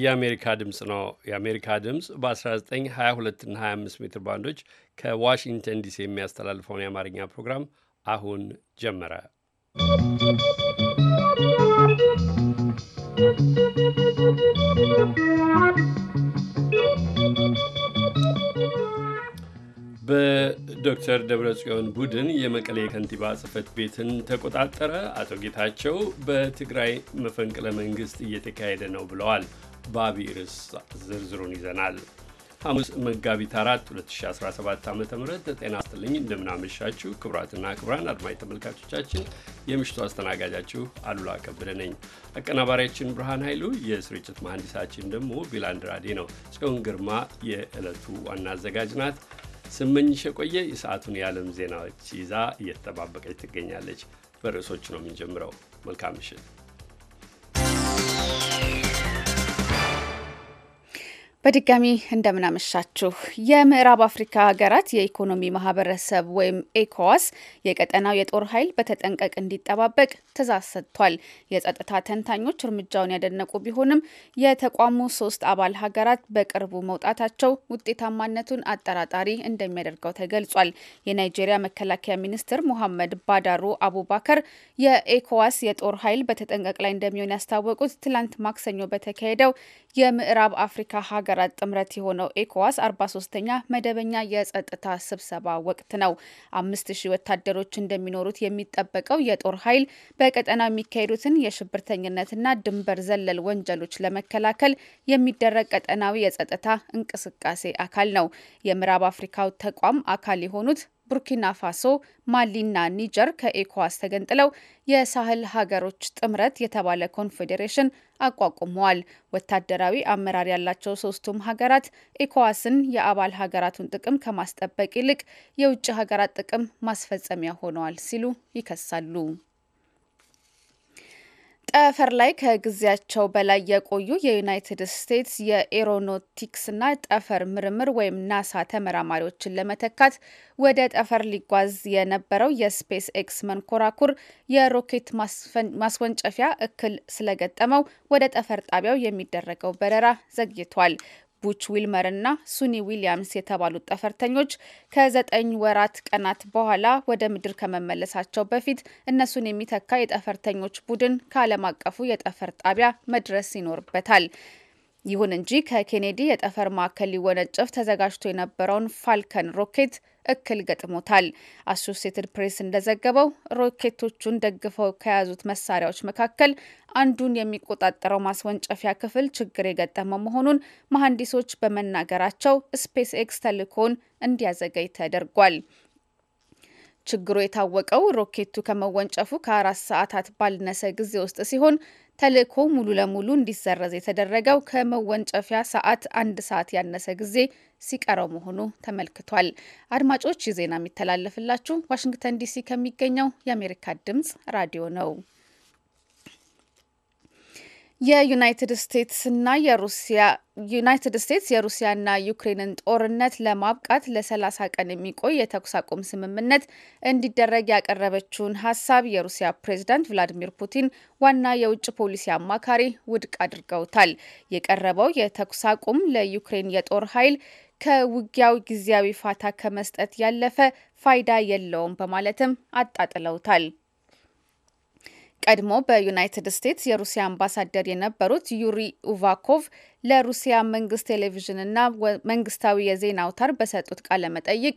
የአሜሪካ ድምፅ ነው። የአሜሪካ ድምፅ በ1922 እና 25 ሜትር ባንዶች ከዋሽንግተን ዲሲ የሚያስተላልፈውን የአማርኛ ፕሮግራም አሁን ጀመረ። በዶክተር ደብረጽዮን ቡድን የመቀሌ ከንቲባ ጽህፈት ቤትን ተቆጣጠረ። አቶ ጌታቸው በትግራይ መፈንቅለ መንግስት እየተካሄደ ነው ብለዋል። ባቢ ርዕስ ዝርዝሩን ይዘናል። ሐሙስ መጋቢት 4 2017 ዓ ም ጤና ይስጥልኝ እንደምናመሻችሁ ክቡራትና ክቡራን አድማጭ ተመልካቾቻችን የምሽቱ አስተናጋጃችሁ አሉላ ከበደ ነኝ። አቀናባሪያችን ብርሃን ኃይሉ፣ የስርጭት መሐንዲሳችን ደግሞ ቢላንድራዴ ነው። ጽዮን ግርማ የዕለቱ ዋና አዘጋጅ ናት። ስመኝሽ የቆየ የሰዓቱን የዓለም ዜናዎች ይዛ እየተጠባበቀች ትገኛለች። በርዕሶቹ ነው የምንጀምረው። መልካም ምሽት። በድጋሚ እንደምናመሻችሁ የምዕራብ አፍሪካ ሀገራት የኢኮኖሚ ማህበረሰብ ወይም ኤኮዋስ የቀጠናው የጦር ኃይል በተጠንቀቅ እንዲጠባበቅ ትዕዛዝ ሰጥቷል። የጸጥታ ተንታኞች እርምጃውን ያደነቁ ቢሆንም የተቋሙ ሶስት አባል ሀገራት በቅርቡ መውጣታቸው ውጤታማነቱን አጠራጣሪ እንደሚያደርገው ተገልጿል። የናይጄሪያ መከላከያ ሚኒስትር ሙሐመድ ባዳሩ አቡባከር የኤኮዋስ የጦር ኃይል በተጠንቀቅ ላይ እንደሚሆን ያስታወቁት ትላንት ማክሰኞ በተካሄደው የምዕራብ አፍሪካ ሀገራት ጥምረት የሆነው ኤኮዋስ አርባ ሶስተኛ መደበኛ የጸጥታ ስብሰባ ወቅት ነው። አምስት ሺህ ወታደሮች እንደሚኖሩት የሚጠበቀው የጦር ኃይል በቀጠናው የሚካሄዱትን የሽብርተኝነትና ድንበር ዘለል ወንጀሎች ለመከላከል የሚደረግ ቀጠናዊ የጸጥታ እንቅስቃሴ አካል ነው። የምዕራብ አፍሪካው ተቋም አካል የሆኑት ቡርኪና ፋሶ፣ ማሊና ኒጀር ከኤኮዋስ ተገንጥለው የሳህል ሀገሮች ጥምረት የተባለ ኮንፌዴሬሽን አቋቁመዋል። ወታደራዊ አመራር ያላቸው ሶስቱም ሀገራት ኤኮዋስን የአባል ሀገራቱን ጥቅም ከማስጠበቅ ይልቅ የውጭ ሀገራት ጥቅም ማስፈጸሚያ ሆነዋል ሲሉ ይከሳሉ። ጠፈር ላይ ከጊዜያቸው በላይ የቆዩ የዩናይትድ ስቴትስ የኤሮኖቲክስና ጠፈር ምርምር ወይም ናሳ ተመራማሪዎችን ለመተካት ወደ ጠፈር ሊጓዝ የነበረው የስፔስ ኤክስ መንኮራኩር የሮኬት ማስወንጨፊያ እክል ስለገጠመው ወደ ጠፈር ጣቢያው የሚደረገው በረራ ዘግይቷል። ቡች ዊልመር እና ሱኒ ዊሊያምስ የተባሉት ጠፈርተኞች ከዘጠኝ ወራት ቀናት በኋላ ወደ ምድር ከመመለሳቸው በፊት እነሱን የሚተካ የጠፈርተኞች ቡድን ከዓለም አቀፉ የጠፈር ጣቢያ መድረስ ይኖርበታል። ይሁን እንጂ ከኬኔዲ የጠፈር ማዕከል ሊወነጨፍ ተዘጋጅቶ የነበረውን ፋልከን ሮኬት እክል ገጥሞታል። አሶሴትድ ፕሬስ እንደዘገበው ሮኬቶቹን ደግፈው ከያዙት መሳሪያዎች መካከል አንዱን የሚቆጣጠረው ማስወንጨፊያ ክፍል ችግር የገጠመ መሆኑን መሐንዲሶች በመናገራቸው ስፔስ ኤክስ ተልእኮውን እንዲያዘገይ ተደርጓል። ችግሩ የታወቀው ሮኬቱ ከመወንጨፉ ከአራት ሰዓታት ባልነሰ ጊዜ ውስጥ ሲሆን ተልዕኮ ሙሉ ለሙሉ እንዲሰረዝ የተደረገው ከመወንጨፊያ ሰዓት አንድ ሰዓት ያነሰ ጊዜ ሲቀረው መሆኑ ተመልክቷል። አድማጮች ይህ ዜና የሚተላለፍላችሁ ዋሽንግተን ዲሲ ከሚገኘው የአሜሪካ ድምጽ ራዲዮ ነው። የዩናይትድ ስቴትስና የሩሲያ ዩናይትድ ስቴትስ የሩሲያና ዩክሬንን ጦርነት ለማብቃት ለሰላሳ ቀን የሚቆይ የተኩስ አቁም ስምምነት እንዲደረግ ያቀረበችውን ሀሳብ የሩሲያ ፕሬዝዳንት ቭላዲሚር ፑቲን ዋና የውጭ ፖሊሲ አማካሪ ውድቅ አድርገውታል። የቀረበው የተኩስ አቁም ለዩክሬን የጦር ኃይል ከውጊያው ጊዜያዊ ፋታ ከመስጠት ያለፈ ፋይዳ የለውም በማለትም አጣጥለውታል። ቀድሞ በዩናይትድ ስቴትስ የሩሲያ አምባሳደር የነበሩት ዩሪ ኡቫኮቭ ለሩሲያ መንግስት ቴሌቪዥንና መንግስታዊ የዜና አውታር በሰጡት ቃለ መጠይቅ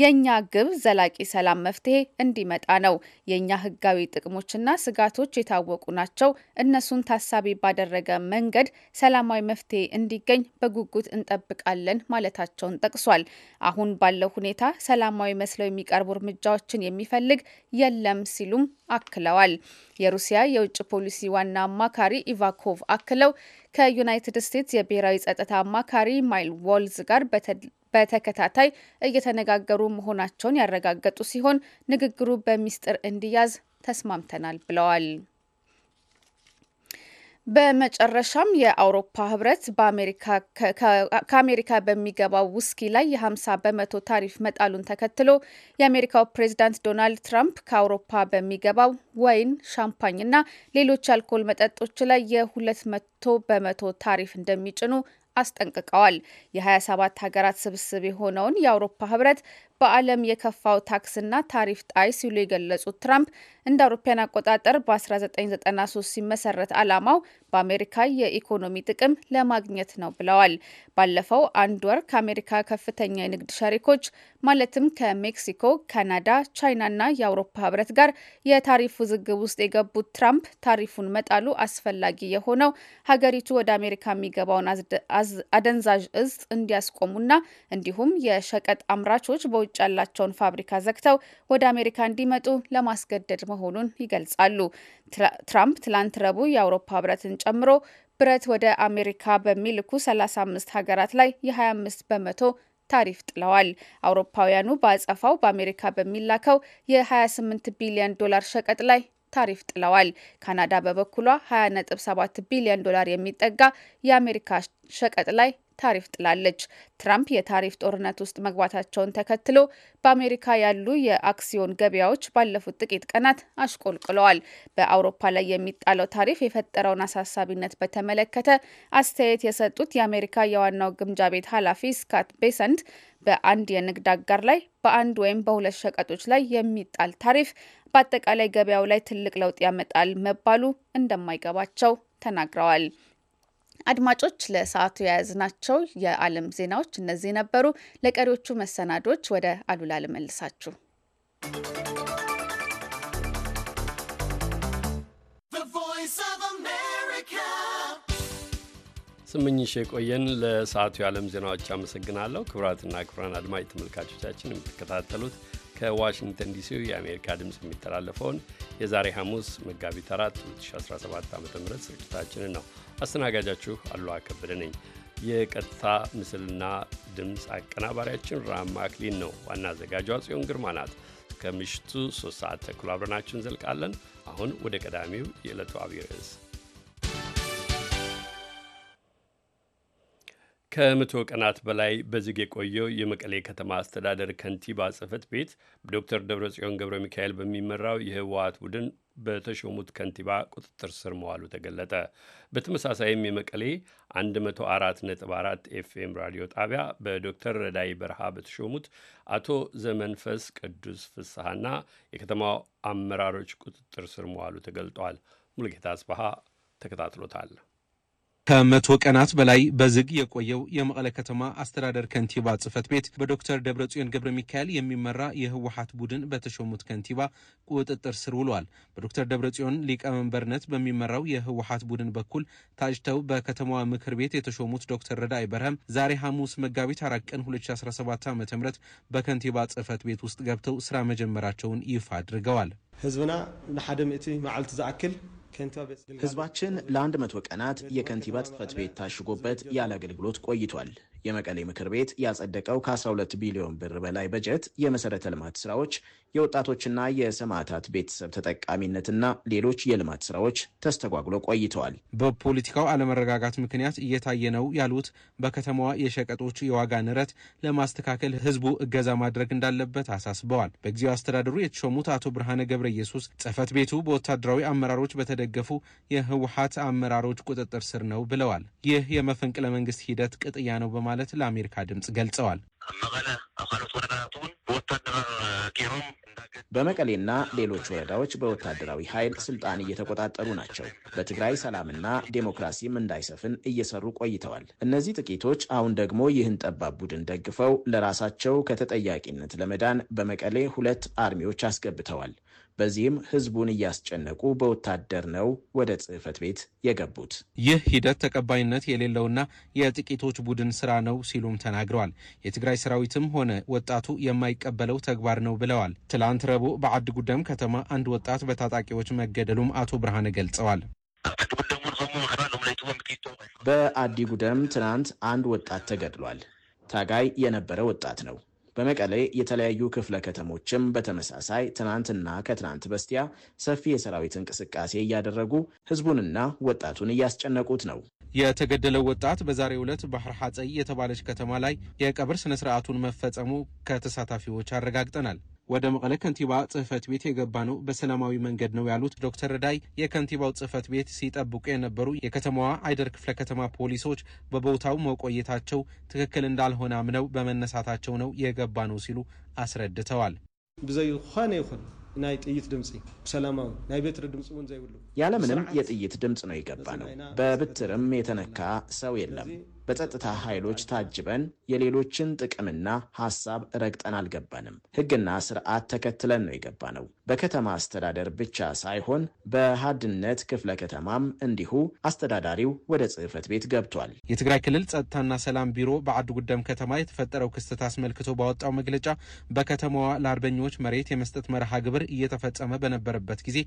የእኛ ግብ ዘላቂ ሰላም መፍትሄ እንዲመጣ ነው። የእኛ ህጋዊ ጥቅሞችና ስጋቶች የታወቁ ናቸው። እነሱን ታሳቢ ባደረገ መንገድ ሰላማዊ መፍትሄ እንዲገኝ በጉጉት እንጠብቃለን ማለታቸውን ጠቅሷል። አሁን ባለው ሁኔታ ሰላማዊ መስለው የሚቀርቡ እርምጃዎችን የሚፈልግ የለም ሲሉም አክለዋል። የሩሲያ የውጭ ፖሊሲ ዋና አማካሪ ኢቫኮቭ አክለው ከዩናይትድ ስቴትስ የብሔራዊ ጸጥታ አማካሪ ማይል ዎልዝ ጋር በተከታታይ እየተነጋገሩ መሆናቸውን ያረጋገጡ ሲሆን ንግግሩ በሚስጥር እንዲያዝ ተስማምተናል ብለዋል። በመጨረሻም የአውሮፓ ህብረት ከአሜሪካ በሚገባው ውስኪ ላይ የ50 በመቶ ታሪፍ መጣሉን ተከትሎ የአሜሪካው ፕሬዚዳንት ዶናልድ ትራምፕ ከአውሮፓ በሚገባው ወይን፣ ሻምፓኝ እና ሌሎች የአልኮል መጠጦች ላይ የ200 በመቶ ታሪፍ እንደሚጭኑ አስጠንቅቀዋል። የ27 ሀገራት ስብስብ የሆነውን የአውሮፓ ህብረት በዓለም የከፋው ታክስና ታሪፍ ጣይ ሲሉ የገለጹት ትራምፕ እንደ አውሮፓውያን አቆጣጠር በ1993 ሲመሰረት ዓላማው በአሜሪካ የኢኮኖሚ ጥቅም ለማግኘት ነው ብለዋል። ባለፈው አንድ ወር ከአሜሪካ ከፍተኛ የንግድ ሸሪኮች ማለትም ከሜክሲኮ፣ ካናዳ፣ ቻይናና የአውሮፓ ህብረት ጋር የታሪፍ ውዝግብ ውስጥ የገቡት ትራምፕ ታሪፉን መጣሉ አስፈላጊ የሆነው ሀገሪቱ ወደ አሜሪካ የሚገባውን አደንዛዥ እጽ እንዲያስቆሙና እንዲሁም የሸቀጥ አምራቾች በውጭ ውጭ ያላቸውን ፋብሪካ ዘግተው ወደ አሜሪካ እንዲመጡ ለማስገደድ መሆኑን ይገልጻሉ። ትራምፕ ትላንት ረቡዕ የአውሮፓ ህብረትን ጨምሮ ብረት ወደ አሜሪካ በሚልኩ 35 ሀገራት ላይ የ25 በመቶ ታሪፍ ጥለዋል። አውሮፓውያኑ በአጸፋው በአሜሪካ በሚላከው የ28 ቢሊዮን ዶላር ሸቀጥ ላይ ታሪፍ ጥለዋል። ካናዳ በበኩሏ 20.7 ቢሊዮን ዶላር የሚጠጋ የአሜሪካ ሸቀጥ ላይ ታሪፍ ጥላለች። ትራምፕ የታሪፍ ጦርነት ውስጥ መግባታቸውን ተከትሎ በአሜሪካ ያሉ የአክሲዮን ገበያዎች ባለፉት ጥቂት ቀናት አሽቆልቅለዋል። በአውሮፓ ላይ የሚጣለው ታሪፍ የፈጠረውን አሳሳቢነት በተመለከተ አስተያየት የሰጡት የአሜሪካ የዋናው ግምጃ ቤት ኃላፊ ስካት ቤሰንት በአንድ የንግድ አጋር ላይ በአንድ ወይም በሁለት ሸቀጦች ላይ የሚጣል ታሪፍ በአጠቃላይ ገበያው ላይ ትልቅ ለውጥ ያመጣል መባሉ እንደማይገባቸው ተናግረዋል። አድማጮች ለሰዓቱ የያዝናቸው የዓለም ዜናዎች እነዚህ ነበሩ። ለቀሪዎቹ መሰናዶች ወደ አሉላ ልመልሳችሁ። ስምኝሽ የቆየን ለሰዓቱ የዓለም ዜናዎች አመሰግናለሁ። ክቡራትና ክቡራን አድማጭ ተመልካቾቻችን የምትከታተሉት ከዋሽንግተን ዲሲ የአሜሪካ ድምፅ የሚተላለፈውን የዛሬ ሐሙስ መጋቢት 4 2017 ዓ ም ስርጭታችንን ነው። አስተናጋጃችሁ አሉ ከበደ ነኝ። የቀጥታ ምስልና ድምፅ አቀናባሪያችን ራማ አክሊን ነው። ዋና አዘጋጇ ጽዮን ግርማ ናት። ከምሽቱ 3 ሰዓት ተኩል አብረናችሁ እንዘልቃለን። አሁን ወደ ቀዳሚው የዕለቱ አብይ ርዕስ ከመቶ ቀናት በላይ በዝግ የቆየው የመቀሌ ከተማ አስተዳደር ከንቲባ ጽህፈት ቤት በዶክተር ደብረጽዮን ገብረ ሚካኤል በሚመራው የህወሀት ቡድን በተሾሙት ከንቲባ ቁጥጥር ስር መዋሉ ተገለጠ። በተመሳሳይም የመቀሌ 104.4 ኤፍኤም ራዲዮ ጣቢያ በዶክተር ረዳይ በረሃ በተሾሙት አቶ ዘመንፈስ ቅዱስ ፍስሐና የከተማው አመራሮች ቁጥጥር ስር መዋሉ ተገልጧል። ሙልጌታ አስበሃ ተከታትሎታል። ከመቶ ቀናት በላይ በዝግ የቆየው የመቀለ ከተማ አስተዳደር ከንቲባ ጽህፈት ቤት በዶክተር ደብረጽዮን ገብረ ሚካኤል የሚመራ የህወሀት ቡድን በተሾሙት ከንቲባ ቁጥጥር ስር ውሏል። በዶክተር ደብረጽዮን ሊቀመንበርነት በሚመራው የህወሀት ቡድን በኩል ታጭተው በከተማዋ ምክር ቤት የተሾሙት ዶክተር ረዳይ በርሃም ዛሬ ሐሙስ መጋቢት አራት ቀን 2017 ዓ ም በከንቲባ ጽህፈት ቤት ውስጥ ገብተው ስራ መጀመራቸውን ይፋ አድርገዋል። ህዝብና ንሓደ ምእቲ መዓልቲ ዝኣክል ህዝባችን ለአንድ መቶ ቀናት የከንቲባ ጽህፈት ቤት ታሽጎበት ያለ አገልግሎት ቆይቷል። የመቀሌ ምክር ቤት ያጸደቀው ከ12 ቢሊዮን ብር በላይ በጀት የመሰረተ ልማት ስራዎች፣ የወጣቶችና የሰማዕታት ቤተሰብ ተጠቃሚነትና ሌሎች የልማት ስራዎች ተስተጓጉሎ ቆይተዋል። በፖለቲካው አለመረጋጋት ምክንያት እየታየ ነው ያሉት በከተማዋ የሸቀጦች የዋጋ ንረት ለማስተካከል ህዝቡ እገዛ ማድረግ እንዳለበት አሳስበዋል። በጊዜው አስተዳደሩ የተሾሙት አቶ ብርሃነ ገብረ ኢየሱስ ጽህፈት ቤቱ በወታደራዊ አመራሮች በተደገፉ የህወሀት አመራሮች ቁጥጥር ስር ነው ብለዋል። ይህ የመፈንቅለ መንግስት ሂደት ቅጥያ ነው በማለት በማለት ለአሜሪካ ድምፅ ገልጸዋል። በመቀሌና ሌሎች ወረዳዎች በወታደራዊ ኃይል ስልጣን እየተቆጣጠሩ ናቸው። በትግራይ ሰላምና ዴሞክራሲም እንዳይሰፍን እየሰሩ ቆይተዋል። እነዚህ ጥቂቶች አሁን ደግሞ ይህን ጠባብ ቡድን ደግፈው ለራሳቸው ከተጠያቂነት ለመዳን በመቀሌ ሁለት አርሚዎች አስገብተዋል። በዚህም ህዝቡን እያስጨነቁ በወታደር ነው ወደ ጽህፈት ቤት የገቡት። ይህ ሂደት ተቀባይነት የሌለውና የጥቂቶች ቡድን ስራ ነው ሲሉም ተናግረዋል። የትግራይ ሰራዊትም ሆነ ወጣቱ የማይቀበለው ተግባር ነው ብለዋል። ትላንት ረቡዕ በአድ ጉደም ከተማ አንድ ወጣት በታጣቂዎች መገደሉም አቶ ብርሃነ ገልጸዋል። በዓዲ ጉደም ትናንት አንድ ወጣት ተገድሏል። ታጋይ የነበረ ወጣት ነው። በመቀሌ የተለያዩ ክፍለ ከተሞችም በተመሳሳይ ትናንትና ከትናንት በስቲያ ሰፊ የሰራዊት እንቅስቃሴ እያደረጉ ህዝቡንና ወጣቱን እያስጨነቁት ነው። የተገደለው ወጣት በዛሬ ዕለት ባህር ሐፀይ የተባለች ከተማ ላይ የቀብር ስነ ስርዓቱን መፈጸሙ ከተሳታፊዎች አረጋግጠናል። ወደ መቀለ ከንቲባ ጽህፈት ቤት የገባ ነው በሰላማዊ መንገድ ነው ያሉት ዶክተር ረዳይ የከንቲባው ጽህፈት ቤት ሲጠብቁ የነበሩ የከተማዋ አይደር ክፍለ ከተማ ፖሊሶች በቦታው መቆየታቸው ትክክል እንዳልሆነ አምነው በመነሳታቸው ነው የገባ ነው ሲሉ አስረድተዋል። ብዘይኳነ ይኹን ናይ ጥይት ድምፂ ሰላማዊ ናይ በትሪ ድምፂ እውን ዘይብሉ ያለምንም የጥይት ድምፅ ነው የገባ ነው። በብትርም የተነካ ሰው የለም። በጸጥታ ኃይሎች ታጅበን የሌሎችን ጥቅምና ሀሳብ ረግጠን አልገባንም። ሕግና ስርዓት ተከትለን ነው የገባ ነው። በከተማ አስተዳደር ብቻ ሳይሆን በሀድነት ክፍለ ከተማም እንዲሁ አስተዳዳሪው ወደ ጽህፈት ቤት ገብቷል። የትግራይ ክልል ጸጥታና ሰላም ቢሮ በአድ ጉደም ከተማ የተፈጠረው ክስተት አስመልክቶ ባወጣው መግለጫ በከተማዋ ለአርበኞች መሬት የመስጠት መርሃ ግብር እየተፈጸመ በነበረበት ጊዜ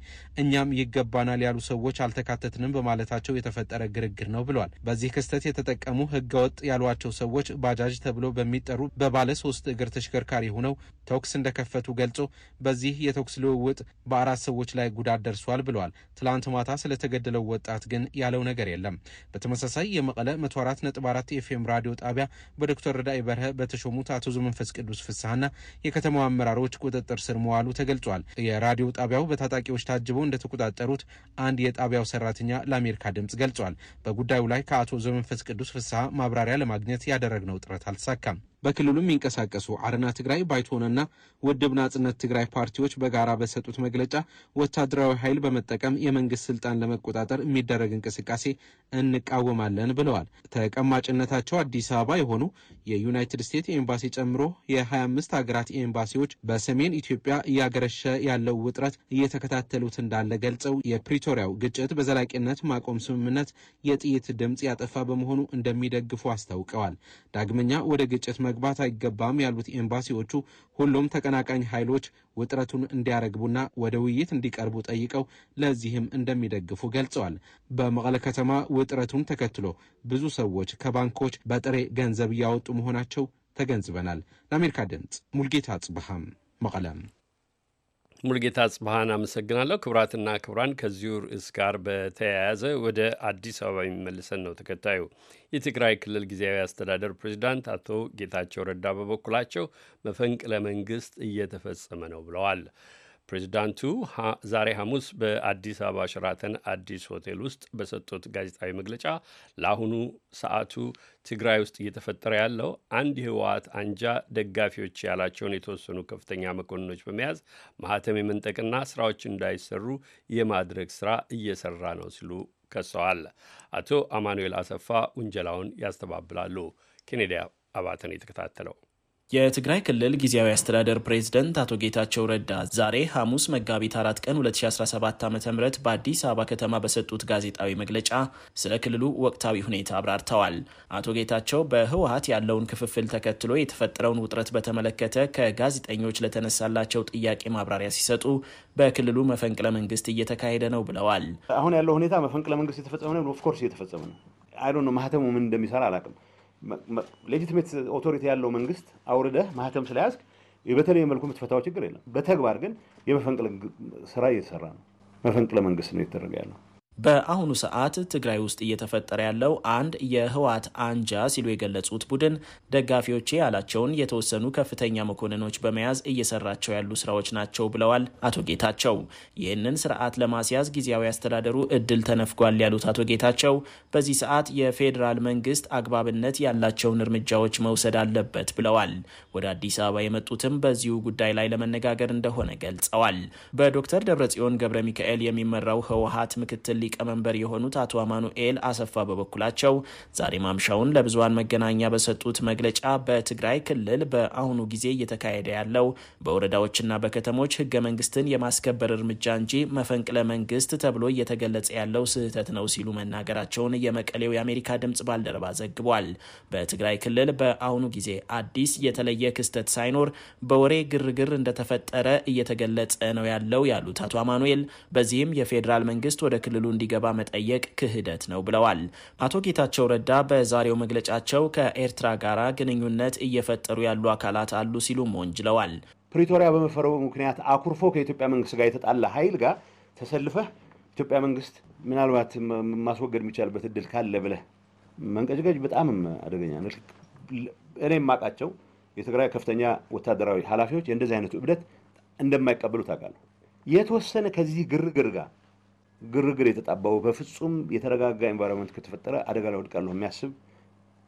እኛም ይገባናል ያሉ ሰዎች አልተካተትንም በማለታቸው የተፈጠረ ግርግር ነው ብሏል። በዚህ ክስተት የተጠቀሙ ህገወጥ ያሏቸው ሰዎች ባጃጅ ተብሎ በሚጠሩ በባለ ሶስት እግር ተሽከርካሪ ሆነው ተኩስ እንደከፈቱ ገልጾ በዚህ የተኩስ ልውውጥ በአራት ሰዎች ላይ ጉዳት ደርሷል ብለዋል። ትላንት ማታ ስለተገደለው ወጣት ግን ያለው ነገር የለም። በተመሳሳይ የመቀለ 104.4 ኤፍኤም ራዲዮ ጣቢያ በዶክተር ረዳይ በርሀ በተሾሙት አቶ ዘመንፈስ ቅዱስ ፍስሐና የከተማው አመራሮች ቁጥጥር ስር መዋሉ ተገልጿል። የራዲዮ ጣቢያው በታጣቂዎች ታጅበው እንደተቆጣጠሩት አንድ የጣቢያው ሰራተኛ ለአሜሪካ ድምጽ ገልጿል። በጉዳዩ ላይ ከአቶ ዘመንፈስ ቅዱስ ፍስሐ ማብራሪያ ለማግኘት ያደረግነው ጥረት አልተሳካም። በክልሉ የሚንቀሳቀሱ አረና ትግራይ፣ ባይቶናና ውድብ ናጽነት ትግራይ ፓርቲዎች በጋራ በሰጡት መግለጫ ወታደራዊ ኃይል በመጠቀም የመንግስት ስልጣን ለመቆጣጠር የሚደረግ እንቅስቃሴ እንቃወማለን ብለዋል። ተቀማጭነታቸው አዲስ አበባ የሆኑ የዩናይትድ ስቴትስ ኤምባሲ ጨምሮ የ25 ሀገራት ኤምባሲዎች በሰሜን ኢትዮጵያ እያገረሸ ያለው ውጥረት እየተከታተሉት እንዳለ ገልጸው የፕሪቶሪያው ግጭት በዘላቂነት ማቆም ስምምነት የጥይት ድምፅ ያጠፋ በመሆኑ እንደሚደግፉ አስታውቀዋል። ዳግመኛ ወደ ግጭት መግባት አይገባም ያሉት ኤምባሲዎቹ ሁሉም ተቀናቃኝ ኃይሎች ውጥረቱን እንዲያረግቡና ወደ ውይይት እንዲቀርቡ ጠይቀው ለዚህም እንደሚደግፉ ገልጸዋል። በመቀለ ከተማ ውጥረቱን ተከትሎ ብዙ ሰዎች ከባንኮች በጥሬ ገንዘብ እያወጡ መሆናቸው ተገንዝበናል። ለአሜሪካ ድምፅ ሙልጌታ አጽብሃም መቀለም ሙልጌታ ጽብሃን አመሰግናለሁ። ክቡራትና ክቡራን ከዚሁ ርዕስ ጋር በተያያዘ ወደ አዲስ አበባ የሚመልሰን ነው ተከታዩ። የትግራይ ክልል ጊዜያዊ አስተዳደር ፕሬዚዳንት አቶ ጌታቸው ረዳ በበኩላቸው መፈንቅለ መንግስት እየተፈጸመ ነው ብለዋል። ፕሬዚዳንቱ ዛሬ ሐሙስ በአዲስ አበባ ሸራተን አዲስ ሆቴል ውስጥ በሰጡት ጋዜጣዊ መግለጫ ለአሁኑ ሰዓቱ ትግራይ ውስጥ እየተፈጠረ ያለው አንድ የህወሓት አንጃ ደጋፊዎች ያላቸውን የተወሰኑ ከፍተኛ መኮንኖች በመያዝ ማህተም የመንጠቅና ስራዎች እንዳይሰሩ የማድረግ ስራ እየሰራ ነው ሲሉ ከሰዋል። አቶ አማኑኤል አሰፋ ውንጀላውን ያስተባብላሉ። ኬኔዲያ አባተን የተከታተለው የትግራይ ክልል ጊዜያዊ አስተዳደር ፕሬዝደንት አቶ ጌታቸው ረዳ ዛሬ ሐሙስ መጋቢት 4 ቀን 2017 ዓ ም በአዲስ አበባ ከተማ በሰጡት ጋዜጣዊ መግለጫ ስለ ክልሉ ወቅታዊ ሁኔታ አብራርተዋል። አቶ ጌታቸው በህወሀት ያለውን ክፍፍል ተከትሎ የተፈጠረውን ውጥረት በተመለከተ ከጋዜጠኞች ለተነሳላቸው ጥያቄ ማብራሪያ ሲሰጡ በክልሉ መፈንቅለ መንግስት እየተካሄደ ነው ብለዋል። አሁን ያለው ሁኔታ መፈንቅለ መንግስት የተፈጸመ ነው። ኦፍኮርስ እየተፈጸመ ነው። አይ ዶንት ኖ ማህተሙ ምን እንደሚሰራ አላውቅም ሌጂትሜት ኦቶሪቲ ያለው መንግስት አውርደህ ማህተም ስለያዝክ በተለይ መልኩ የምትፈታው ችግር የለም። በተግባር ግን የመፈንቅለ ስራ እየተሰራ ነው። መፈንቅለ መንግስት ነው የተደረገ ያለው። በአሁኑ ሰዓት ትግራይ ውስጥ እየተፈጠረ ያለው አንድ የህወሓት አንጃ ሲሉ የገለጹት ቡድን ደጋፊዎቼ ያላቸውን የተወሰኑ ከፍተኛ መኮንኖች በመያዝ እየሰራቸው ያሉ ስራዎች ናቸው ብለዋል አቶ ጌታቸው። ይህንን ስርዓት ለማስያዝ ጊዜያዊ አስተዳደሩ እድል ተነፍጓል ያሉት አቶ ጌታቸው በዚህ ሰዓት የፌዴራል መንግስት አግባብነት ያላቸውን እርምጃዎች መውሰድ አለበት ብለዋል። ወደ አዲስ አበባ የመጡትም በዚሁ ጉዳይ ላይ ለመነጋገር እንደሆነ ገልጸዋል። በዶክተር ደብረጽዮን ገብረ ሚካኤል የሚመራው ህወሓት ምክትል ሊቀመንበር የሆኑት አቶ አማኑኤል አሰፋ በበኩላቸው ዛሬ ማምሻውን ለብዙሃን መገናኛ በሰጡት መግለጫ በትግራይ ክልል በአሁኑ ጊዜ እየተካሄደ ያለው በወረዳዎችና በከተሞች ህገ መንግስትን የማስከበር እርምጃ እንጂ መፈንቅለ መንግስት ተብሎ እየተገለጸ ያለው ስህተት ነው ሲሉ መናገራቸውን የመቀሌው የአሜሪካ ድምጽ ባልደረባ ዘግቧል። በትግራይ ክልል በአሁኑ ጊዜ አዲስ የተለየ ክስተት ሳይኖር በወሬ ግርግር እንደተፈጠረ እየተገለጸ ነው ያለው ያሉት አቶ አማኑኤል በዚህም የፌዴራል መንግስት ወደ ክልሉ እንዲገባ መጠየቅ ክህደት ነው ብለዋል። አቶ ጌታቸው ረዳ በዛሬው መግለጫቸው ከኤርትራ ጋር ግንኙነት እየፈጠሩ ያሉ አካላት አሉ ሲሉም ወንጅለዋል። ፕሪቶሪያ በመፈረ ምክንያት አኩርፎ ከኢትዮጵያ መንግስት ጋር የተጣላ ኃይል ጋር ተሰልፈህ ኢትዮጵያ መንግስት ምናልባት ማስወገድ የሚቻልበት እድል ካለ ብለህ መንቀጭቀጭ በጣም አደገኛ እኔ የማውቃቸው የትግራይ ከፍተኛ ወታደራዊ ኃላፊዎች የእንደዚህ አይነቱ እብደት እንደማይቀበሉ ታውቃለህ። የተወሰነ ከዚህ ግርግር ጋር ግርግር የተጣባው በፍጹም የተረጋጋ ኤንቫይሮንመንት ከተፈጠረ አደጋ ላይ ወድቃለሁ የሚያስብ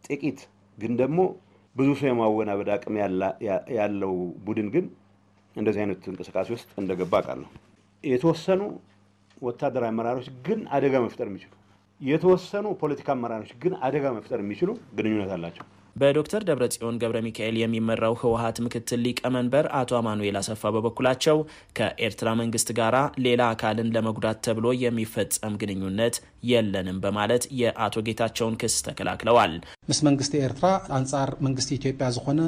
ጥቂት ግን ደግሞ ብዙ ሰው የማወናበድ አቅም ያለው ቡድን ግን እንደዚህ አይነት እንቅስቃሴ ውስጥ እንደገባ አውቃለሁ። የተወሰኑ ወታደራዊ አመራሮች ግን አደጋ መፍጠር የሚችሉ የተወሰኑ ፖለቲካ አመራሮች ግን አደጋ መፍጠር የሚችሉ ግንኙነት አላቸው። በዶክተር ደብረጽዮን ገብረ ሚካኤል የሚመራው ህወሀት ምክትል ሊቀመንበር አቶ አማኑኤል አሰፋ በበኩላቸው ከኤርትራ መንግስት ጋራ ሌላ አካልን ለመጉዳት ተብሎ የሚፈጸም ግንኙነት የለንም በማለት የአቶ ጌታቸውን ክስ ተከላክለዋል። ምስ መንግስቲ ኤርትራ አንጻር መንግስቲ ኢትዮጵያ ዝኾነ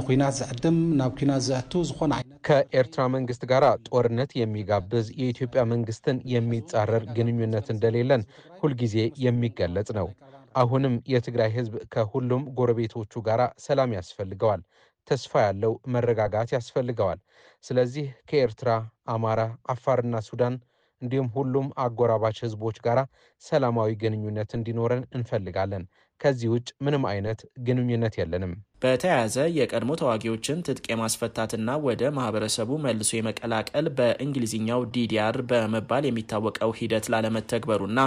ንኩናት ዘዕድም ናብ ኩናት ዘእቱ ዝኾነ ዓይነት ከኤርትራ መንግስት ጋር ጦርነት የሚጋብዝ የኢትዮጵያ መንግስትን የሚጻረር ግንኙነት እንደሌለን ሁልጊዜ የሚገለጽ ነው። አሁንም የትግራይ ህዝብ ከሁሉም ጎረቤቶቹ ጋር ሰላም ያስፈልገዋል፣ ተስፋ ያለው መረጋጋት ያስፈልገዋል። ስለዚህ ከኤርትራ፣ አማራ፣ አፋርና ሱዳን እንዲሁም ሁሉም አጎራባች ህዝቦች ጋር ሰላማዊ ግንኙነት እንዲኖረን እንፈልጋለን። ከዚህ ውጭ ምንም አይነት ግንኙነት የለንም። በተያያዘ የቀድሞ ተዋጊዎችን ትጥቅ የማስፈታትና ወደ ማህበረሰቡ መልሶ የመቀላቀል በእንግሊዝኛው ዲዲአር በመባል የሚታወቀው ሂደት ላለመተግበሩና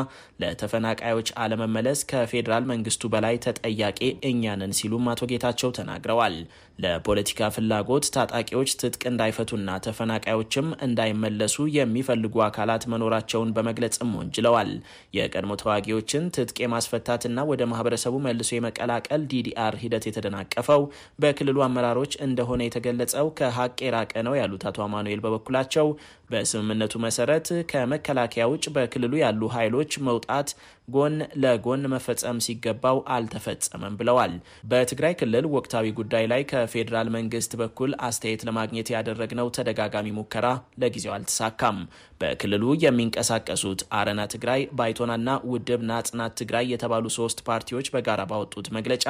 ለተፈናቃዮች አለመመለስ ከፌዴራል መንግስቱ በላይ ተጠያቂ እኛንን ሲሉም አቶ ጌታቸው ተናግረዋል። ለፖለቲካ ፍላጎት ታጣቂዎች ትጥቅ እንዳይፈቱና ተፈናቃዮችም እንዳይመለሱ የሚፈልጉ አካላት መኖራቸውን በመግለጽም ወንጅለዋል። የቀድሞ ተዋጊዎችን ትጥቅ የማስፈታትና ወደ ማህበረሰቡ መልሶ የመቀላቀል ዲዲአር ሂደት የተደናቀፈ የተጻፈው በክልሉ አመራሮች እንደሆነ የተገለጸው ከሀቅ የራቀ ነው ያሉት አቶ አማኑኤል በበኩላቸው በስምምነቱ መሰረት ከመከላከያ ውጭ በክልሉ ያሉ ኃይሎች መውጣት ጎን ለጎን መፈጸም ሲገባው አልተፈጸመም ብለዋል። በትግራይ ክልል ወቅታዊ ጉዳይ ላይ ከፌዴራል መንግስት በኩል አስተያየት ለማግኘት ያደረግነው ተደጋጋሚ ሙከራ ለጊዜው አልተሳካም። በክልሉ የሚንቀሳቀሱት አረና ትግራይ፣ ባይቶናና ውድብ ናጽናት ትግራይ የተባሉ ሶስት ፓርቲዎች በጋራ ባወጡት መግለጫ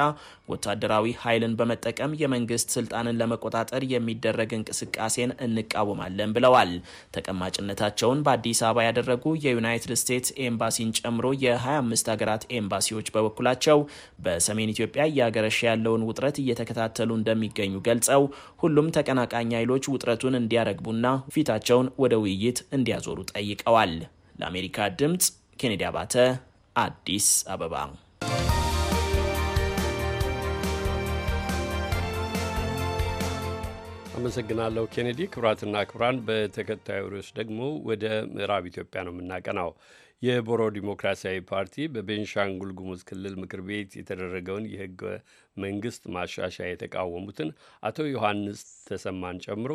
ወታደራዊ ኃይል ኃይልን በመጠቀም የመንግስት ስልጣንን ለመቆጣጠር የሚደረግ እንቅስቃሴን እንቃወማለን ብለዋል። ተቀማጭነታቸውን በአዲስ አበባ ያደረጉ የዩናይትድ ስቴትስ ኤምባሲን ጨምሮ የ25 ሀገራት ኤምባሲዎች በበኩላቸው በሰሜን ኢትዮጵያ እያገረሸ ያለውን ውጥረት እየተከታተሉ እንደሚገኙ ገልጸው ሁሉም ተቀናቃኝ ኃይሎች ውጥረቱን እንዲያረግቡና ፊታቸውን ወደ ውይይት እንዲያዞሩ ጠይቀዋል። ለአሜሪካ ድምፅ ኬኔዲ አባተ አዲስ አበባ አመሰግናለሁ ኬኔዲ። ክቡራትና ክቡራን፣ በተከታዩ ርዕስ ደግሞ ወደ ምዕራብ ኢትዮጵያ ነው የምናቀናው። የቦሮ ዲሞክራሲያዊ ፓርቲ በቤንሻንጉል ጉሙዝ ክልል ምክር ቤት የተደረገውን የህገ መንግስት ማሻሻያ የተቃወሙትን አቶ ዮሐንስ ተሰማን ጨምሮ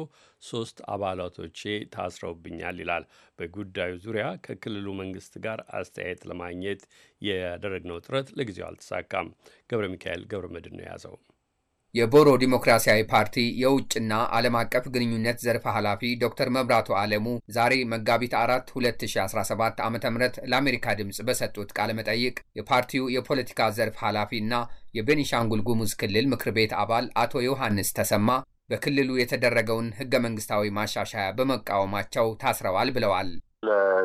ሶስት አባላቶቼ ታስረውብኛል ይላል። በጉዳዩ ዙሪያ ከክልሉ መንግስት ጋር አስተያየት ለማግኘት ያደረግነው ጥረት ለጊዜው አልተሳካም። ገብረ ሚካኤል ገብረ መድን ነው የያዘው። የቦሮ ዲሞክራሲያዊ ፓርቲ የውጭና ዓለም አቀፍ ግንኙነት ዘርፍ ኃላፊ ዶክተር መብራቱ ዓለሙ ዛሬ መጋቢት አራት 2017 ዓ ም ለአሜሪካ ድምፅ በሰጡት ቃለ መጠይቅ የፓርቲው የፖለቲካ ዘርፍ ኃላፊና የቤኒሻንጉል ጉሙዝ ክልል ምክር ቤት አባል አቶ ዮሐንስ ተሰማ በክልሉ የተደረገውን ህገ መንግስታዊ ማሻሻያ በመቃወማቸው ታስረዋል ብለዋል።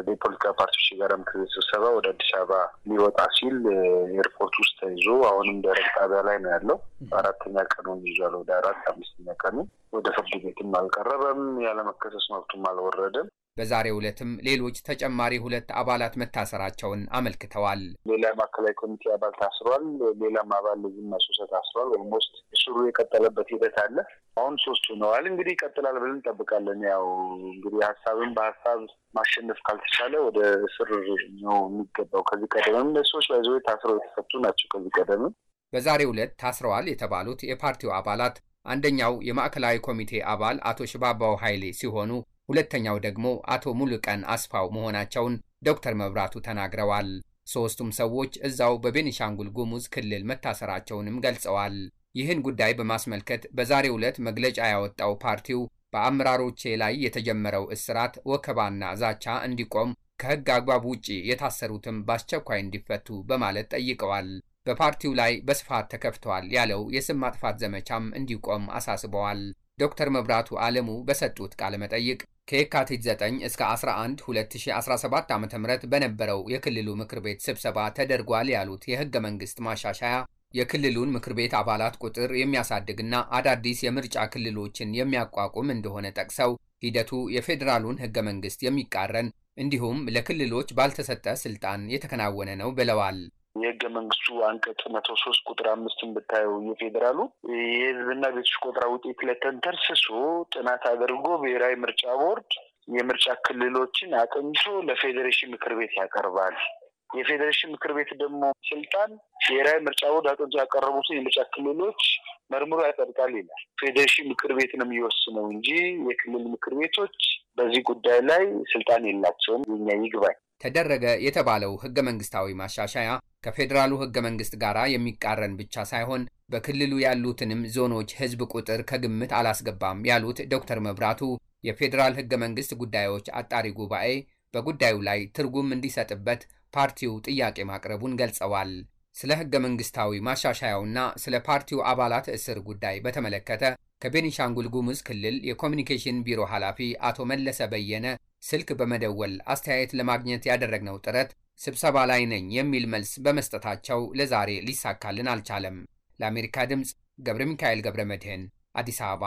ለፖለቲካ ፓርቲዎች የጋራ ምክር ቤት ስብሰባ ወደ አዲስ አበባ ሊወጣ ሲል ኤርፖርት ውስጥ ተይዞ አሁንም ደረቅ ጣቢያ ላይ ነው ያለው። አራተኛ ቀኑን ይዟል። ወደ አራት አምስተኛ ቀኑ ወደ ፍርድ ቤትም አልቀረበም። ያለመከሰስ መብቱም አልወረደም። በዛሬው ዕለትም ሌሎች ተጨማሪ ሁለት አባላት መታሰራቸውን አመልክተዋል። ሌላ ማዕከላዊ ኮሚቴ አባል ታስሯል። ሌላም አባል ዝም መሱሰ ታስሯል። ኦልሞስት እስሩ የቀጠለበት ሂደት አለ። አሁን ሶስቱ ነዋል። እንግዲህ ይቀጥላል ብለን እንጠብቃለን። ያው እንግዲህ ሀሳብን በሀሳብ ማሸነፍ ካልተቻለ ወደ እስር ነው የሚገባው። ከዚህ ቀደምም ሰዎች ባይዞ ታስረው የተፈቱ ናቸው። ከዚህ ቀደምም በዛሬው ዕለት ታስረዋል የተባሉት የፓርቲው አባላት አንደኛው የማዕከላዊ ኮሚቴ አባል አቶ ሽባባው ኃይሌ ሲሆኑ ሁለተኛው ደግሞ አቶ ሙሉቀን አስፋው መሆናቸውን ዶክተር መብራቱ ተናግረዋል። ሦስቱም ሰዎች እዛው በቤኒሻንጉል ጉሙዝ ክልል መታሰራቸውንም ገልጸዋል። ይህን ጉዳይ በማስመልከት በዛሬው ዕለት መግለጫ ያወጣው ፓርቲው በአመራሮቼ ላይ የተጀመረው እስራት፣ ወከባና ዛቻ እንዲቆም ከሕግ አግባብ ውጪ የታሰሩትም በአስቸኳይ እንዲፈቱ በማለት ጠይቀዋል። በፓርቲው ላይ በስፋት ተከፍተዋል ያለው የስም ማጥፋት ዘመቻም እንዲቆም አሳስበዋል። ዶክተር መብራቱ ዓለሙ በሰጡት ቃለ መጠይቅ ከየካቲት 9 እስከ 11 2017 ዓ ም በነበረው የክልሉ ምክር ቤት ስብሰባ ተደርጓል ያሉት የህገ መንግስት ማሻሻያ የክልሉን ምክር ቤት አባላት ቁጥር የሚያሳድግና አዳዲስ የምርጫ ክልሎችን የሚያቋቁም እንደሆነ ጠቅሰው ሂደቱ የፌዴራሉን ህገ መንግስት የሚቃረን እንዲሁም ለክልሎች ባልተሰጠ ስልጣን የተከናወነ ነው ብለዋል። የህገ መንግስቱ አንቀጽ መቶ ሶስት ቁጥር አምስትን ብታየው የፌዴራሉ የህዝብና ቤቶች ቆጠራ ውጤት ላይ ጥናት አድርጎ ብሔራዊ ምርጫ ቦርድ የምርጫ ክልሎችን አቀንሶ ለፌዴሬሽን ምክር ቤት ያቀርባል። የፌዴሬሽን ምክር ቤት ደግሞ ስልጣን ብሔራዊ ምርጫ ቦርድ አቅንቶ ያቀረቡትን የምርጫ ክልሎች መርምሮ ያጸድቃል ይላል። ፌዴሬሽን ምክር ቤት ነው የሚወስነው እንጂ የክልል ምክር ቤቶች በዚህ ጉዳይ ላይ ስልጣን የላቸውም። የኛ ይግባኝ ተደረገ የተባለው ህገ መንግስታዊ ማሻሻያ ከፌዴራሉ ህገ መንግስት ጋር የሚቃረን ብቻ ሳይሆን በክልሉ ያሉትንም ዞኖች ህዝብ ቁጥር ከግምት አላስገባም ያሉት ዶክተር መብራቱ የፌዴራል ህገ መንግስት ጉዳዮች አጣሪ ጉባኤ በጉዳዩ ላይ ትርጉም እንዲሰጥበት ፓርቲው ጥያቄ ማቅረቡን ገልጸዋል። ስለ ህገ መንግስታዊ ማሻሻያውና ስለ ፓርቲው አባላት እስር ጉዳይ በተመለከተ ከቤኒሻንጉል ጉሙዝ ክልል የኮሚኒኬሽን ቢሮ ኃላፊ አቶ መለሰ በየነ ስልክ በመደወል አስተያየት ለማግኘት ያደረግነው ጥረት ስብሰባ ላይ ነኝ የሚል መልስ በመስጠታቸው ለዛሬ ሊሳካልን አልቻለም። ለአሜሪካ ድምፅ ገብረ ሚካኤል ገብረ መድህን አዲስ አበባ።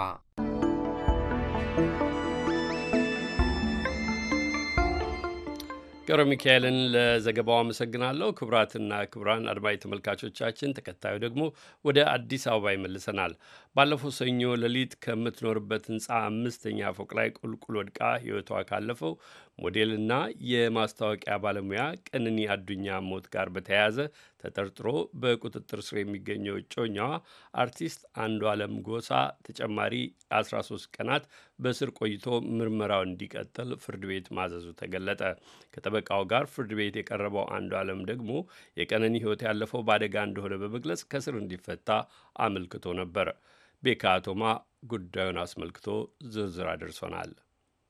ገብረ ሚካኤልን ለዘገባው አመሰግናለሁ። ክቡራትና ክቡራን አድማጭ ተመልካቾቻችን፣ ተከታዩ ደግሞ ወደ አዲስ አበባ ይመልሰናል። ባለፈው ሰኞ ሌሊት ከምትኖርበት ህንፃ አምስተኛ ፎቅ ላይ ቁልቁል ወድቃ ህይወቷ ካለፈው ሞዴልና የማስታወቂያ ባለሙያ ቀነኒ አዱኛ ሞት ጋር በተያያዘ ተጠርጥሮ በቁጥጥር ስር የሚገኘው እጮኛዋ አርቲስት አንዱ አለም ጎሳ ተጨማሪ 13 ቀናት በስር ቆይቶ ምርመራው እንዲቀጥል ፍርድ ቤት ማዘዙ ተገለጠ። ከጠበቃው ጋር ፍርድ ቤት የቀረበው አንዱ አለም ደግሞ የቀነኒ ህይወት ያለፈው በአደጋ እንደሆነ በመግለጽ ከስር እንዲፈታ አመልክቶ ነበር። ቤካ አቶማ ጉዳዩን አስመልክቶ ዝርዝር አድርሶናል።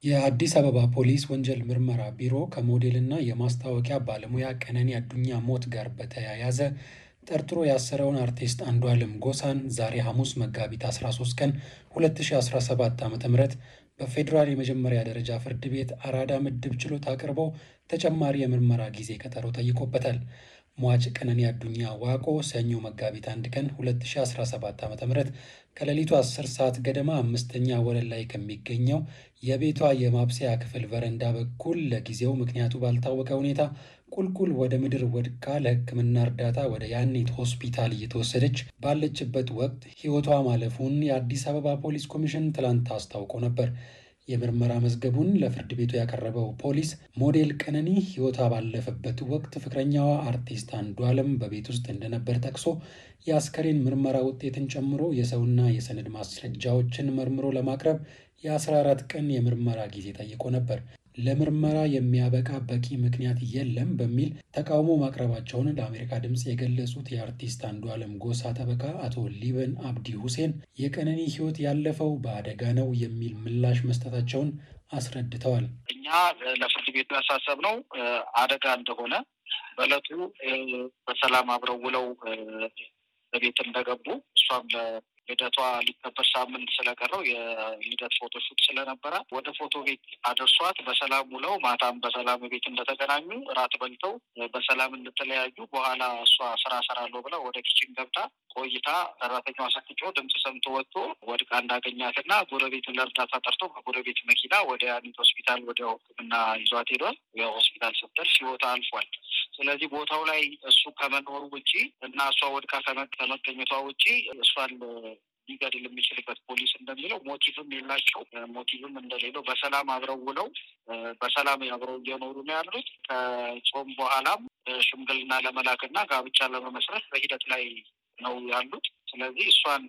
የአዲስ አበባ ፖሊስ ወንጀል ምርመራ ቢሮ ከሞዴልና የማስታወቂያ ባለሙያ ቀነኒ አዱኛ ሞት ጋር በተያያዘ ጠርጥሮ ያሰረውን አርቲስት አንዷለም ጎሳን ዛሬ ሐሙስ መጋቢት 13 ቀን 2017 ዓ ም በፌዴራል የመጀመሪያ ደረጃ ፍርድ ቤት አራዳ ምድብ ችሎት አቅርበው ተጨማሪ የምርመራ ጊዜ ቀጠሮ ጠይቆበታል። ሟች ቀነኒ አዱኛ ዋቆ ሰኞ መጋቢት አንድ ቀን 2017 ዓ ም ከሌሊቱ 10 ሰዓት ገደማ አምስተኛ ወለል ላይ ከሚገኘው የቤቷ የማብሰያ ክፍል በረንዳ በኩል ለጊዜው ምክንያቱ ባልታወቀ ሁኔታ ቁልቁል ወደ ምድር ወድቃ ለሕክምና እርዳታ ወደ ያኔት ሆስፒታል እየተወሰደች ባለችበት ወቅት ሕይወቷ ማለፉን የአዲስ አበባ ፖሊስ ኮሚሽን ትላንት አስታውቆ ነበር። የምርመራ መዝገቡን ለፍርድ ቤቱ ያቀረበው ፖሊስ ሞዴል ቀነኒ ሕይወቷ ባለፈበት ወቅት ፍቅረኛዋ አርቲስት አንዷለም በቤት ውስጥ እንደነበር ጠቅሶ የአስከሬን ምርመራ ውጤትን ጨምሮ የሰውና የሰነድ ማስረጃዎችን መርምሮ ለማቅረብ የ14 ቀን የምርመራ ጊዜ ጠይቆ ነበር። ለምርመራ የሚያበቃ በቂ ምክንያት የለም በሚል ተቃውሞ ማቅረባቸውን ለአሜሪካ ድምፅ የገለጹት የአርቲስት አንዱዓለም ጎሳ ጠበቃ አቶ ሊበን አብዲ ሁሴን የቀነኒ ሕይወት ያለፈው በአደጋ ነው የሚል ምላሽ መስጠታቸውን አስረድተዋል። እኛ ለፍርድ ቤቱ ያሳሰብ ነው አደጋ እንደሆነ በእለቱ በሰላም አብረው ውለው በቤት እንደገቡ እሷም ልደቷ ሊከበር ሳምንት ስለቀረው የልደት ፎቶ ሹት ስለነበረ ወደ ፎቶ ቤት አደርሷት በሰላም ውለው ማታም በሰላም ቤት እንደተገናኙ እራት በልተው በሰላም እንደተለያዩ በኋላ እሷ ስራ ሰራለሁ ብላ ወደ ኪችን ገብታ ቆይታ ሰራተኛዋ ሰክጮ ድምፅ ሰምቶ ወጥቶ ወድቃ እንዳገኛትና ጎረቤትን ለእርዳታ ጠርቶ በጎረቤት መኪና ወደ አንድ ሆስፒታል ወደ ሕክምና ይዟት ሄዷል። የሆስፒታል ስትደርስ ህይወቷ አልፏል። ስለዚህ ቦታው ላይ እሱ ከመኖሩ ውጪ እና እሷ ወድቃ ከመገኘቷ ውጪ እሷን ሊገድል የሚችልበት ፖሊስ እንደሚለው ሞቲቭም የላቸው ሞቲቭም እንደሌለው በሰላም አብረው ውለው በሰላም አብረው እየኖሩ ነው ያሉት። ከጾም በኋላም ሽምግልና ለመላክና ጋብቻ ለመመስረት በሂደት ላይ ነው ያሉት። ስለዚህ እሷን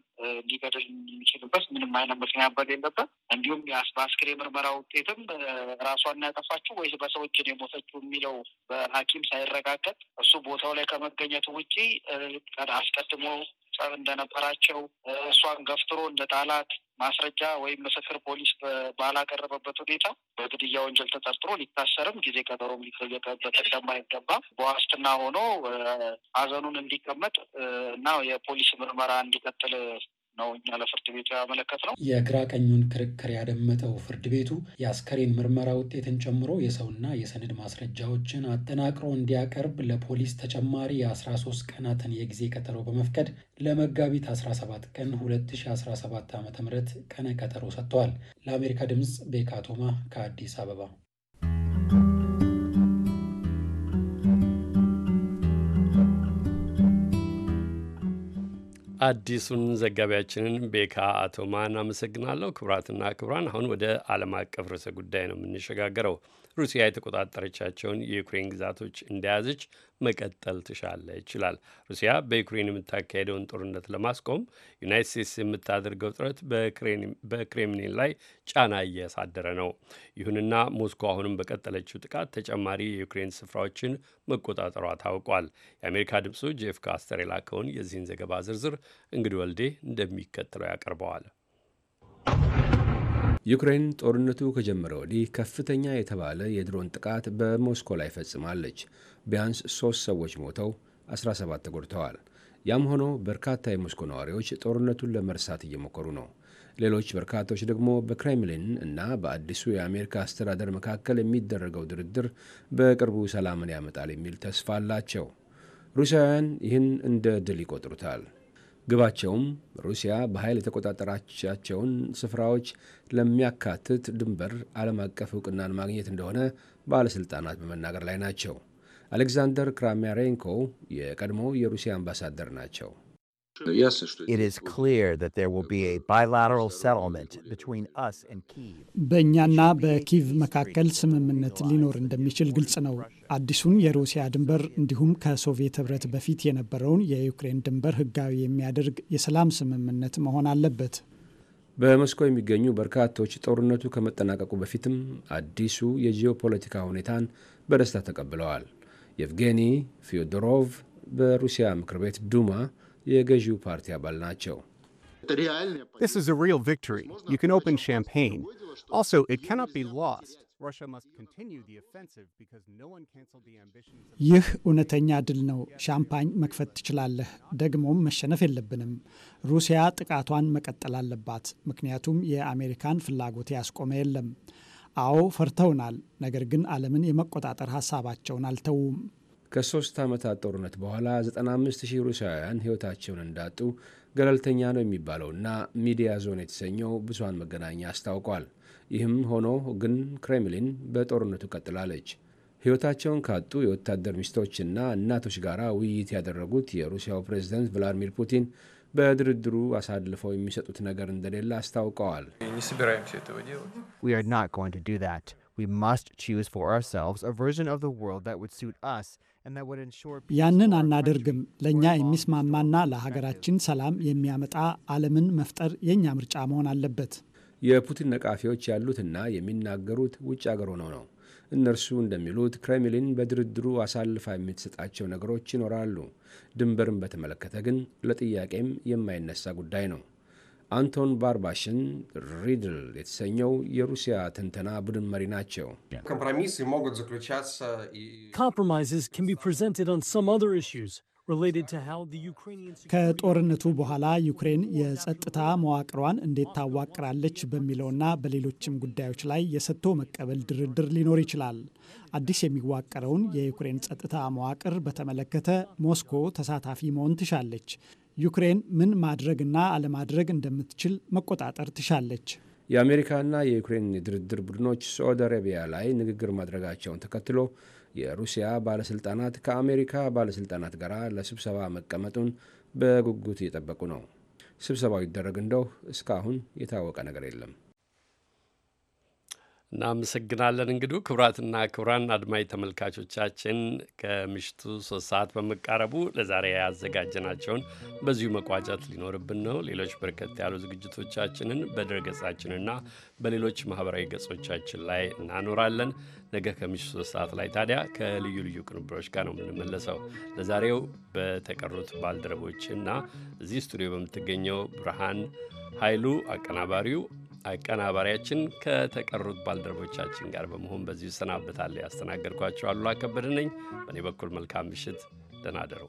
ሊገድል የሚችልበት ምንም አይነት ምክንያት በሌለበት እንዲሁም በአስክሬ ምርመራ ውጤትም ራሷን ያጠፋችው ወይስ በሰዎች እጅ የሞተችው የሚለው በሐኪም ሳይረጋገጥ እሱ ቦታው ላይ ከመገኘቱ ውጪ አስቀድሞ ጸብ እንደነበራቸው እሷን ገፍትሮ እንደ ጣላት ማስረጃ ወይም ምስክር ፖሊስ ባላቀረበበት ሁኔታ በግድያ ወንጀል ተጠርጥሮ ሊታሰርም ጊዜ ቀጠሮም ሊጠየቅበት እንደማይገባ በዋስትና ሆኖ ሀዘኑን እንዲቀመጥ እና የፖሊስ ምርመራ እንዲቀጥል ነው እኛ ለፍርድ ቤቱ ያመለከት ነው። የግራ ቀኙን ክርክር ያደመጠው ፍርድ ቤቱ የአስከሬን ምርመራ ውጤትን ጨምሮ የሰውና የሰነድ ማስረጃዎችን አጠናቅሮ እንዲያቀርብ ለፖሊስ ተጨማሪ የ13 ቀናትን የጊዜ ቀጠሮ በመፍቀድ ለመጋቢት 17 ቀን 2017 ዓ.ም ቀነ ቀጠሮ ሰጥተዋል። ለአሜሪካ ድምፅ ቤካቶማ ከአዲስ አበባ አዲሱን ዘጋቢያችንን ቤካ ማን አመሰግናለሁ ክቡራትና ክቡራን፣ አሁን ወደ ዓለም አቀፍ ርዕሰ ጉዳይ ነው የምንሸጋገረው። ሩሲያ የተቆጣጠረቻቸውን የዩክሬን ግዛቶች እንደያዘች መቀጠል ትሻለ ይችላል። ሩሲያ በዩክሬን የምታካሄደውን ጦርነት ለማስቆም ዩናይት ስቴትስ የምታደርገው ጥረት በክሬምሊን ላይ ጫና እያሳደረ ነው። ይሁንና ሞስኮ አሁንም በቀጠለችው ጥቃት ተጨማሪ የዩክሬን ስፍራዎችን መቆጣጠሯ ታውቋል። የአሜሪካ ድምፁ ጄፍ ካስተር የላከውን የዚህን ዘገባ ዝርዝር እንግዲህ ወልዴ እንደሚከተለው ያቀርበዋል። ዩክሬን ጦርነቱ ከጀመረ ወዲህ ከፍተኛ የተባለ የድሮን ጥቃት በሞስኮ ላይ ፈጽማለች። ቢያንስ ሶስት ሰዎች ሞተው 17 ተጎድተዋል። ያም ሆኖ በርካታ የሞስኮ ነዋሪዎች ጦርነቱን ለመርሳት እየሞከሩ ነው። ሌሎች በርካታዎች ደግሞ በክሬምሊን እና በአዲሱ የአሜሪካ አስተዳደር መካከል የሚደረገው ድርድር በቅርቡ ሰላምን ያመጣል የሚል ተስፋ አላቸው። ሩሲያውያን ይህን እንደ ድል ይቆጥሩታል። ግባቸውም ሩሲያ በኃይል የተቆጣጠራቻቸውን ስፍራዎች ለሚያካትት ድንበር ዓለም አቀፍ እውቅናን ማግኘት እንደሆነ ባለሥልጣናት በመናገር ላይ ናቸው። አሌክዛንደር ክራሚያሬንኮ የቀድሞ የሩሲያ አምባሳደር ናቸው። በእኛና በኪቭ መካከል ስምምነት ሊኖር እንደሚችል ግልጽ ነው። አዲሱን የሩሲያ ድንበር እንዲሁም ከሶቪየት ሕብረት በፊት የነበረውን የዩክሬን ድንበር ሕጋዊ የሚያደርግ የሰላም ስምምነት መሆን አለበት። በሞስኮ የሚገኙ በርካቶች ጦርነቱ ከመጠናቀቁ በፊትም አዲሱ የጂኦፖለቲካ ሁኔታን በደስታ ተቀብለዋል። የቭጌኒ ፊዮዶሮቭ በሩሲያ ምክር ቤት ዱማ የገዢው ፓርቲ አባል ናቸው። ይህ እውነተኛ ድል ነው። ሻምፓኝ መክፈት ትችላለህ። ደግሞም መሸነፍ የለብንም። ሩሲያ ጥቃቷን መቀጠል አለባት፣ ምክንያቱም የአሜሪካን ፍላጎት ያስቆመ የለም። አዎ ፈርተውናል፣ ነገር ግን ዓለምን የመቆጣጠር ሀሳባቸውን አልተውም። ከሶስት ዓመታት ጦርነት በኋላ 95 ሺህ ሩሲያውያን ሕይወታቸውን እንዳጡ ገለልተኛ ነው የሚባለውና ሚዲያ ዞን የተሰኘው ብዙሀን መገናኛ አስታውቋል። ይህም ሆኖ ግን ክሬምሊን በጦርነቱ ቀጥላለች። ሕይወታቸውን ካጡ የወታደር ሚስቶችና እናቶች ጋር ውይይት ያደረጉት የሩሲያው ፕሬዝደንት ቭላዲሚር ፑቲን በድርድሩ አሳልፈው የሚሰጡት ነገር እንደሌለ አስታውቀዋል። ያንን አናደርግም። ለእኛ የሚስማማና ለሀገራችን ሰላም የሚያመጣ ዓለምን መፍጠር የእኛ ምርጫ መሆን አለበት። የፑቲን ነቃፊዎች ያሉትና የሚናገሩት ውጭ አገር ሆነው ነው። እነርሱ እንደሚሉት ክሬምሊን በድርድሩ አሳልፋ የምትሰጣቸው ነገሮች ይኖራሉ። ድንበርን በተመለከተ ግን ለጥያቄም የማይነሳ ጉዳይ ነው። አንቶን ባርባሽን ሪድል የተሰኘው የሩሲያ ትንተና ቡድን መሪ ናቸው። ከጦርነቱ በኋላ ዩክሬን የጸጥታ መዋቅሯን እንዴት ታዋቅራለች በሚለውና በሌሎችም ጉዳዮች ላይ የሰጥቶ መቀበል ድርድር ሊኖር ይችላል። አዲስ የሚዋቀረውን የዩክሬን ጸጥታ መዋቅር በተመለከተ ሞስኮ ተሳታፊ መሆን ትሻለች። ዩክሬን ምን ማድረግና አለማድረግ እንደምትችል መቆጣጠር ትሻለች። የአሜሪካና የዩክሬን የድርድር ቡድኖች ሳዑዲ አረቢያ ላይ ንግግር ማድረጋቸውን ተከትሎ የሩሲያ ባለሥልጣናት ከአሜሪካ ባለሥልጣናት ጋር ለስብሰባ መቀመጡን በጉጉት እየጠበቁ ነው። ስብሰባው ይደረግ እንደው እስካሁን የታወቀ ነገር የለም። እናመሰግናለን እንግዱ ክቡራትና ክቡራን አድማጭ ተመልካቾቻችን ከምሽቱ ሶስት ሰዓት በመቃረቡ ለዛሬ ያዘጋጀናቸውን በዚሁ መቋጨት ሊኖርብን ነው። ሌሎች በርከት ያሉ ዝግጅቶቻችንን በድረገጻችንና በሌሎች ማህበራዊ ገጾቻችን ላይ እናኖራለን። ነገ ከምሽቱ ሶስት ሰዓት ላይ ታዲያ ከልዩ ልዩ ቅንብሮች ጋር ነው የምንመለሰው። ለዛሬው በተቀሩት ባልደረቦችና እዚህ ስቱዲዮ በምትገኘው ብርሃን ኃይሉ አቀናባሪው አቀናባሪያችን ከተቀሩት ባልደረቦቻችን ጋር በመሆን በዚሁ እሰናበታለሁ። ያስተናገድኳቸው አሉላ ከበደ ነኝ። በእኔ በኩል መልካም ምሽት፣ ደህና እደሩ።